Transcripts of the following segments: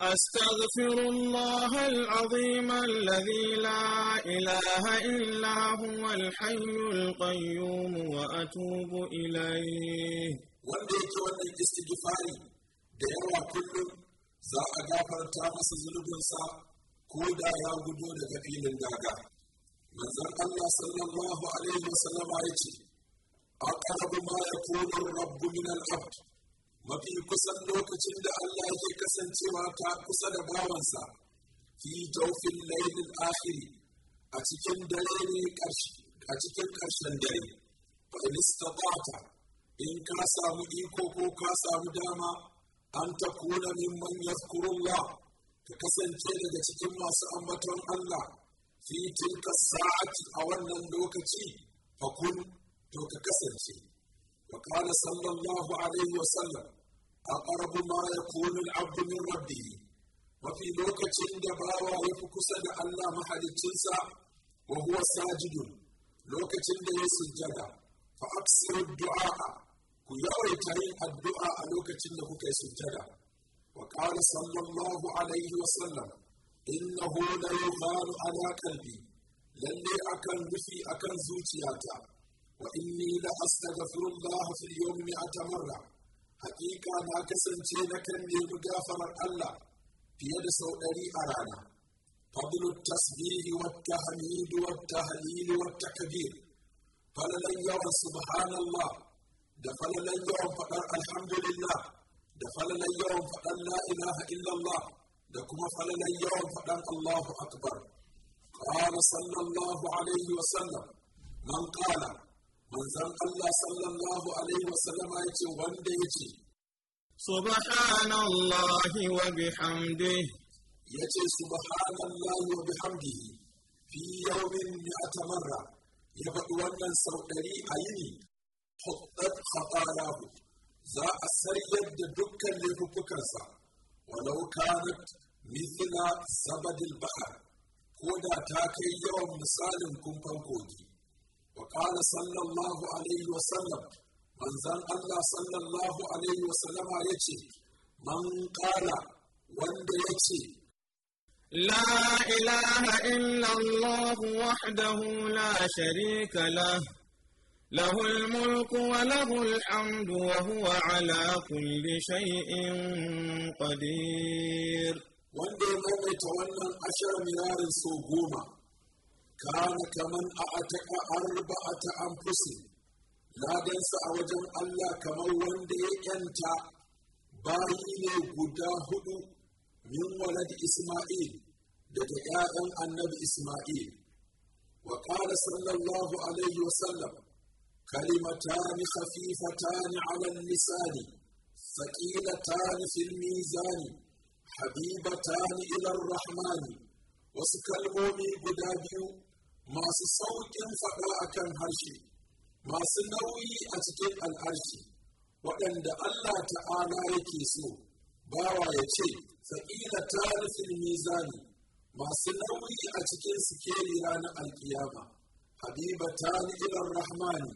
أستغفر الله العظيم الذي لا إله إلا هو الحي القيوم وأتوب إليه وديت وديت استغفاري دعوة كل الله عليه وسلم أقرب ما يكون الرب من العبد mafi kusan lokacin da Allah yake kasancewa ta kusa da bawansa fi jaufin lailin akhiri a cikin dare ne a cikin ƙarshen dare fa in istata'ta in ka samu iko ko ka samu dama an takuna mimman yadhkurullah ka kasance daga cikin masu ambaton Allah fi tilka sa'ati a wannan lokaci fa kun to ka kasance wa kana sallallahu alaihi wa sallam أقرب ما يكون العبد من ربه وفي لوكة دباوة يفكسد الله محل الجنسة وهو ساجد لوكة يسجد فأكثر الدعاء كيويت الدعاء لوكة كي سجد وقال صلى الله عليه وسلم إنه ليغان على قلبي للي أكن في أكن زوجياتا وإني لأستغفر الله في اليوم مئة مرة hakika na kasance na kan nemi gafarar Allah fiye da sau ɗari a rana. Fadlu tasbihi wa tahmidu wa tahlili wa takbir. Falalan yawan subhanallah da falalan yawan faɗar alhamdulillah da falalan yawan faɗar la ilaha illallah da kuma falalan yawan faɗar Allahu akbar. Qala sallallahu alaihi wa sallam man qala manzon Allah sallallahu alaihi wasallam ya ce wanda ya ce subhanallahi wa bihamdihi ya ce subhanallahi wa bihamdihi fi yawmin mi'ata marra ya faɗi wannan sau ɗari a yini huddat khatayahu za a sarjar da dukkan laifukansa walau kanat mithla sabadil bahar ko da ta kai yawan misalin kumfan kogi وقال صلى الله عليه وسلم من Allah الله صلى الله عليه وسلم man من قال ya ce لا إله إلا الله وحده لا شريك له له الملك وله الحمد وهو على كل شيء قدير وندي ميت ونن أشر مليار سوغوما كان كمن أعتق أربعة أنفس لا دنس أوجن الله كمن وندي أنت باين غدا هدو من ولد إسماعيل دجاء النبي إسماعيل وقال صلى الله عليه وسلم كلمتان خفيفتان على اللسان ثقيلتان في الميزان حبيبتان إلى الرحمن وسكلموني غدا بيو masu sauƙin faɗa a kan harshe masu nauyi a cikin al'arshi waɗanda Allah ta'ala yake so bawa ya ce faƙila ta mizani masu nauyi a cikin sikeriya na alkiyama habiba ta ilar rahmani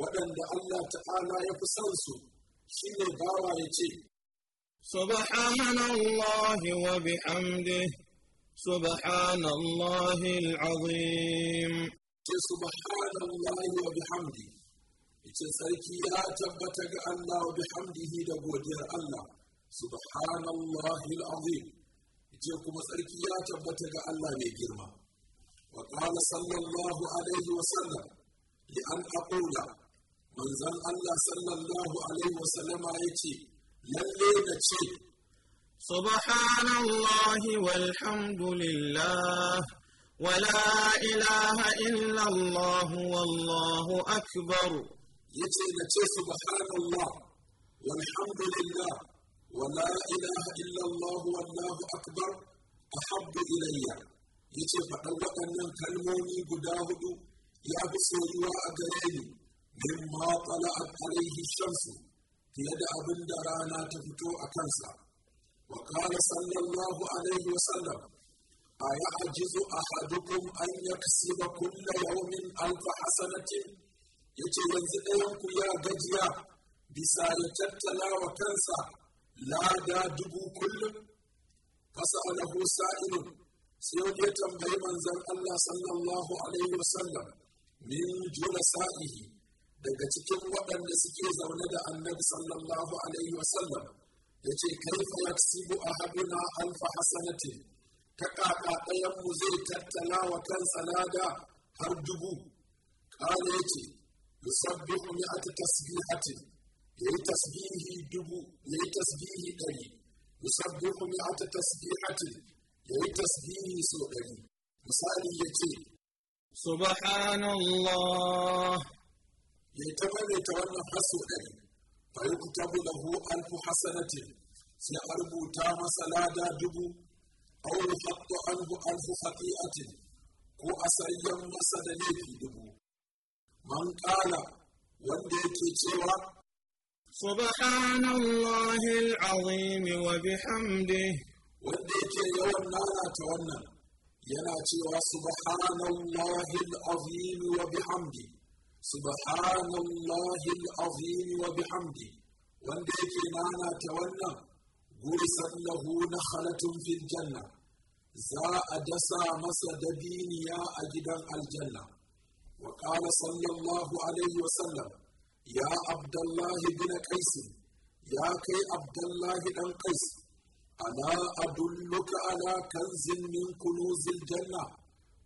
waɗanda Allah ta'ala ya fi son su shi ne bawa ya ce subhanallah wa bihamdihi سبحان الله العظيم سبحان الله وبحمده ita sarki ya tabbata ga Allah wa bihamdihi da godiyar Allah subhanallahi alazim ita kuma sarki ya tabbata ga Allah mai girma wa qala sallallahu alaihi wa sallam li an aqula manzon Allah sallallahu alaihi wa sallama yace lalle da ce سبحان الله والحمد لله ولا إله إلا الله والله أكبر يتينا سبحان الله والحمد لله ولا إله إلا الله والله أكبر أحب إلي يتي فأولا أن ينكلموني قداهد يا بسيوا أدريني مما طلعت عليه الشمس يدعى بندرانا أبن تفتو أكنسا وقال صلى الله عليه وسلم أيعجز أحدكم أن يكسب كل يوم ألف حسنة yace yanzu ɗayanku ya gajiya bisa ya tattala wa kansa lada dubu kullum fasa alahu sa'ilun sai wani ya tambayi manzon Allah sallallahu alaihi wasallam min jula sa'ihi daga cikin waɗanda suke zaune da annabi sallallahu alaihi wasallam yace kaifa yaksibu ahaduna alfa hasanatin ta kaka ɗayan mu zai tattala wa kansa lada har dubu kala yace yusabbihu mi'ata tasbihatin yayi tasbihi dubu yayi tasbihi ɗari yusabbihu mi'ata tasbihatin yayi tasbihi sau ɗari misali yace subhanallah yayi ta wannan har sau ɗari فيكتب له ألف حسنة في أرب تام سلادا دبو أو يحط عنه ألف خطيئة أو أسعي مسد في دبو من قال وليك سوى سبحان الله العظيم وبحمده وليك يوم نانا تونا ينا سبحان الله العظيم وبحمده سبحان الله العظيم وبحمده wanda yake nanata wannan gurisar lahu na halatun fil janna za a dasa masa dabiniya a gidan aljanna wa qala sallallahu alaihi wasallam ya abdullahi bin qais ya kai abdullahi dan qais ana adulluka ala kanzin min kunuzil janna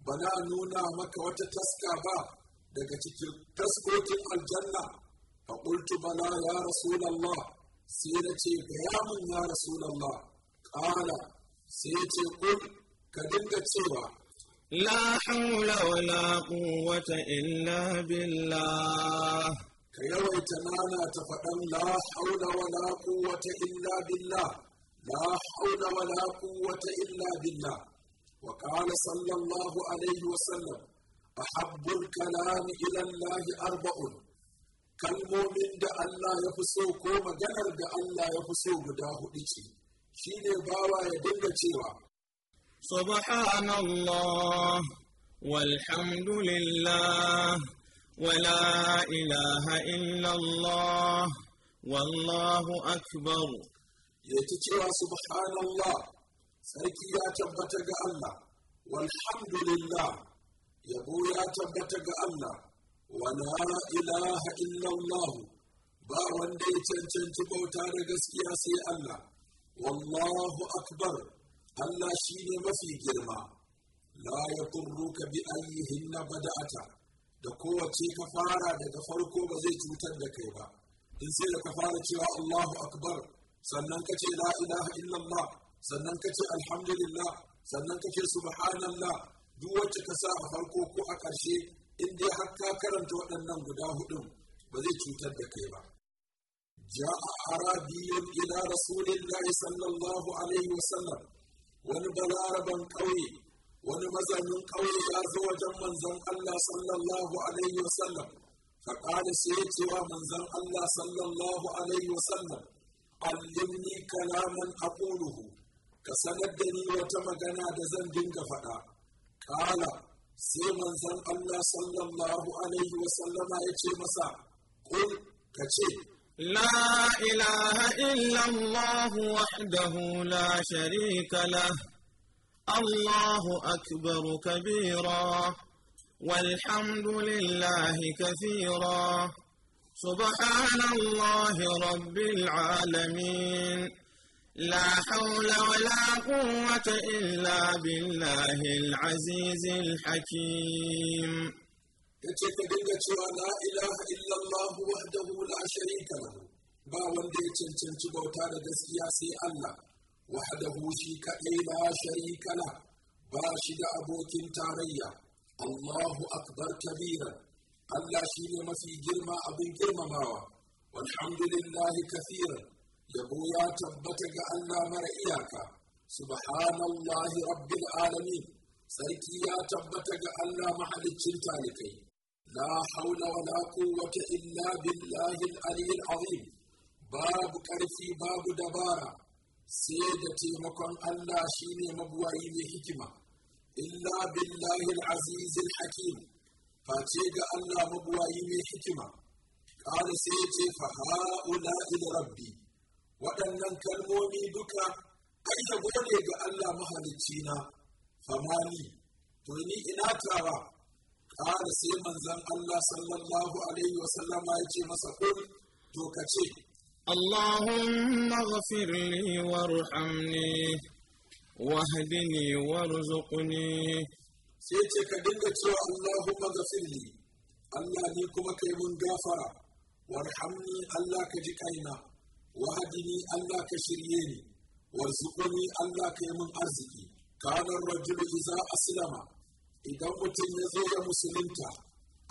bana nuna maka wata taska ba daga cikin taskokin aljanna fa qultu bala ya rasulullah sai na ce gaya ya rasulullah qala sai ya ce kul ka dinga cewa la hawla wala quwwata illa billah ka yawaita nana ta faɗan la hawla wala quwwata illa billah la hawla wala quwwata illa billah وقال صلى الله عليه وسلم أحب الكلام إلى الله أربع كالمؤمن دا الله يفسو كوما جنر دا الله يفسو بداه إيشي شيني باوا يدنجا تيوا سبحان الله والحمد لله ولا إله إلا الله والله أكبر يتتوى سبحان الله سيكي يا الله والحمد لله yabo ya tabbata ga Allah wala ilaha illallah ba wanda ya cancanci bauta da gaskiya sai Allah wallahu akbar Allah shine mafi girma la yakurruka bi ayyihinna bada'ata da kowace ka fara daga farko ba zai cutar da kai ba in sai da ka fara cewa Allahu akbar sannan ka ce la ilaha illallah sannan ka ce alhamdulillah sannan ka ce subhanallah duk wacce ta sa a farko ko a ƙarshe in dai har ka karanta waɗannan guda hudun ba zai cutar da kai ba ja'a arabiyun ila rasulillahi sallallahu alaihi wasallam wani balaraban ƙauye wani mazanin ƙauye ya zo wajen manzon Allah sallallahu alaihi wasallam fa qala sai ya ce wa manzon Allah sallallahu alaihi wasallam allimni kalaman aquluhu ka sanar da ni wata magana da zan dinga faɗa قال sai manzon Allah الله alaihi wasallam ya ce masa مسا قل كشي لا إله إلا الله وحده لا شريك له الله أكبر كبيرا والحمد لله كثيرا سبحان الله رب العالمين لا حول ولا قوة إلا بالله العزيز الحكيم yace ka dinga cewa la ilaha illallah wahdahu la sharika lahu ba wanda ya cancanci bauta da gaskiya sai Allah wahdahu shi kaɗai la sharika la ba shi da abokin tarayya Allahu akbar kabira Allah shi ne mafi girma abin girmamawa walhamdulillahi kathiran يقول يا تبتك ألا مرئياك سبحان الله رب العالمين سيكي يا تبتك ألا محلتشلتالك لا حول ولا قوة إلا بالله العلي العظيم باب كرفي باب دبارة سيدتي مكن ألا شيني مبوائي لحكمة إلا بالله العزيز الحكيم فاتيك ألا مبوائي لحكمة قال سيدتي فهؤلاء لربي waɗannan kalmomi duka ai da gode ga Allah mahalicci na famani to ni ina tawa ƙara sai manzon Allah sallallahu alaihi wa sallama ya ce masa kun to ka ce اللهم اغفر لي وارحمني واهدني وارزقني sai ce ka dinga cewa Allahumma gafirli Allah ni kuma kai mun gafara warhamni Allah ka ji kaina وهدني ألا كشرييني وارزقني ألا كيمن أرزقي كان الرجل إذا أسلم إذا قتل غير مسلمتا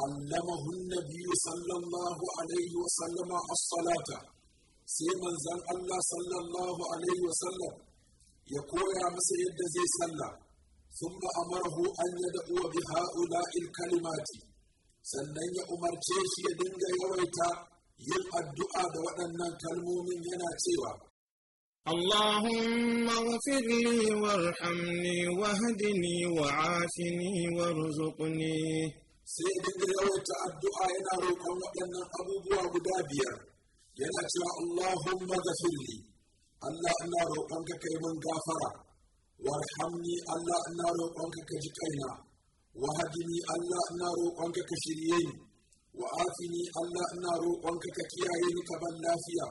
علمه النبي صلى الله عليه وسلم الصلاة سيما زن الله صلى الله عليه وسلم يقول يا مسيد زي صلى ثم أمره أن يدعو بهؤلاء الكلمات سنن يا عمر أمر يدنجا يويتا yin addu'a da waɗannan kalmomin yana cewa اللهم اغفر لي وارحمني واهدني وعافني وارزقني sai dinga yawaita addu'a yana roƙon waɗannan abubuwa guda biyar yana cewa Allahumma gafirli Allah ina roƙon ka kai mun gafara warhamni Allah ina roƙon ka ka ji kaina wahdini Allah ina roƙon ka ka shirye ni وآتني الله نارو وانك ككياهين كبن لافيا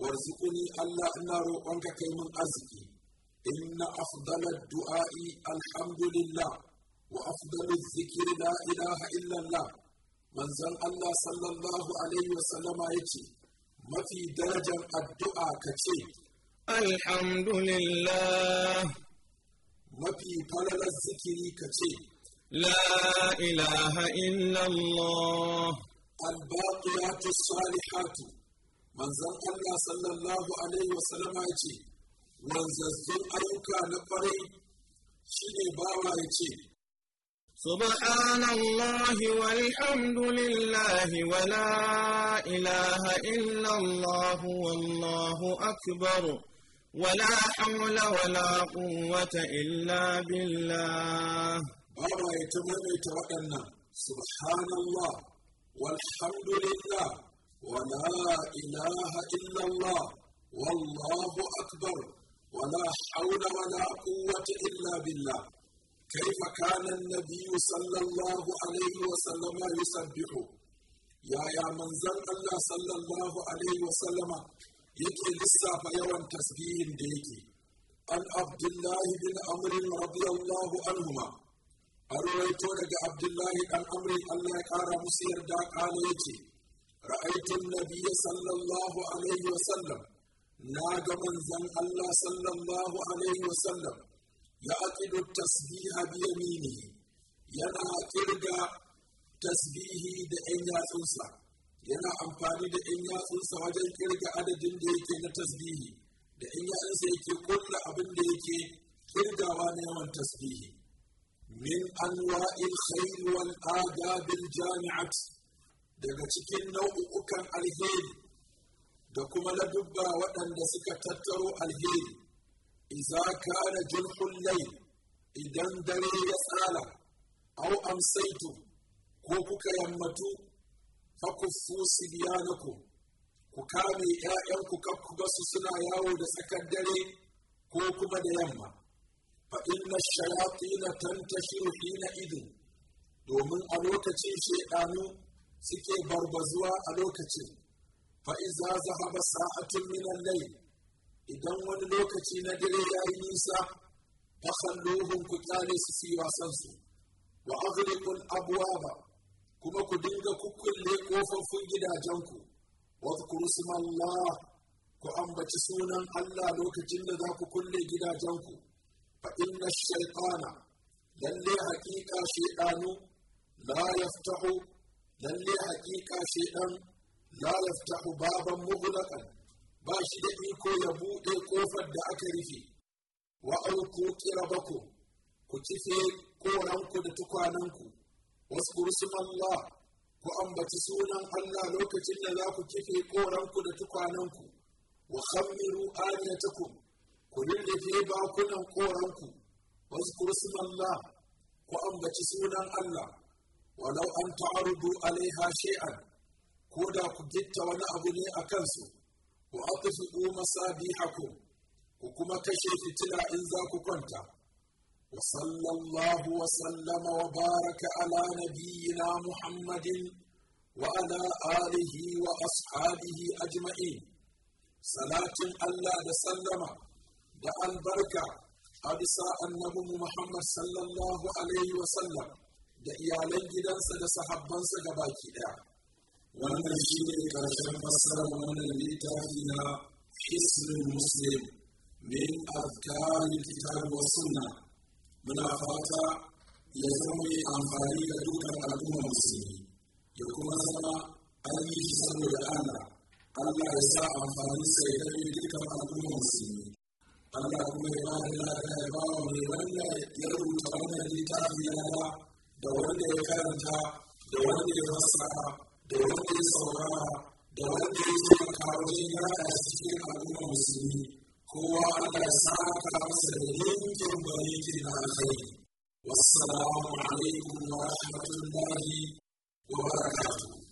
وارزقني الله نارو وانك كيمن أزكي إن أفضل الدعاء الحمد لله وأفضل الذكر لا إله إلا الله من زن الله صلى الله عليه وسلم يتي ما في درجة الدعاء كتير الحمد لله ما في طلب الذكر كتير لا إله إلا الله الباقيات الصالحات من زن الله صلى الله عليه وسلم يتي wanzazzun ayyuka na kwarai shi ne سبحان الله والحمد لله ولا إله إلا الله والله أكبر ولا حول ولا قوة إلا بالله ba ma ya ta maimaita waɗannan subhanallah walhamdulillah wa la ilaha illallah wallahu akbar ولا حول ولا قوة إلا بالله كيف كان النبي صلى الله عليه وسلم يسبح يا يا من زن الله صلى الله عليه وسلم يكي لسا فيوان تسبيح ديكي عن عبد الله بن عمرو رضي الله عنهما أرويتو لك عبد الله بن أمري الله قال مسير داك عليتي رأيت النبي صلى الله عليه وسلم ناقة من زن الله صلى الله عليه وسلم يعقد التسبيح بيمينه ينا كرقة تسبيه دعينا تنسى yana amfani da in yatsunsa wajen kirga adadin da yake na tasbihi da in yatsunsa yake kulla abin da yake kirgawa na yawan tasbihi من أنواع الخير والآداب الجامعة daga cikin nau'ukan alheri da kuma ladubba waɗanda suka tattaro alheri iza kana julhul layl idan dare ya tsala au amsaitu ko kuka yammatu fakuffu sibyanakum ku kame 'ya'yanku kakku basu suna yawo da tsakar dare ko kuma da yamma فإن الشياطين تنتشر حينئذ دومن ألوكة شيطانو سكي بربزوا ألوكة فإذا ذهب ساعة من الليل إذا ون لوكة نجري يا إنيسا فخلوهم كتال سسيوا سنسو وأغلقوا الأبواب كما كدنجا ككل ليقوفا فنجدا جنكو واذكروا اسم الله كأنبت سونا ألا لوكة جنة ذاك كل جدا جنكو فإن الشيطان للي حقيقة شيطان لا يفتح للي حقيقة شيطان لا يفتح بابا مغلقا باشي إيكو يبوء كوفا دعك رفي وألقوا كربكم كتفي كورانكو دتكوانانكو واذكروا اسم الله ku ambaci sunan Allah lokacin da za ku kife وخمروا da ku lullufe bakunan koranku wasu Allah ku ambaci sunan Allah walau an ta'arudu alaiha shay'an ko da ku gitta wani abu ne a kansu ku atfiqu masabihakum ku kuma kashe fitila in za ku kwanta wa sallallahu wa sallama wa baraka ala nabiyyina muhammadin wa ala alihi wa ashabihi ajma'in salatin Allah da sallama البركة بركة سا أنه محمد صلى الله عليه وسلم دا إيالي جدا سدى صحبان سدى باكي دا وانا جيني كرشان بصر وانا ليتا حسن المسلم من أذكار الكتاب والسنة من أفاتا يزمي أنفاري لدوكا أدوما مسلمي يقول سما أني جسد الآن الله يسا أنفاري سيدني لدوكا أدوما مسلمي اللهم يا الله يا bawan wanda ya rubuta wannan littafi na da da wanda ya karanta da wanda ya fassara da wanda ya saurara da wanda ya taimaka wajen yada cikin al'ummar musulmi kowa Allah ya saka masa da yankin bariki na alkhairi wassalamu alaikum wa rahmatullahi wa barakatuh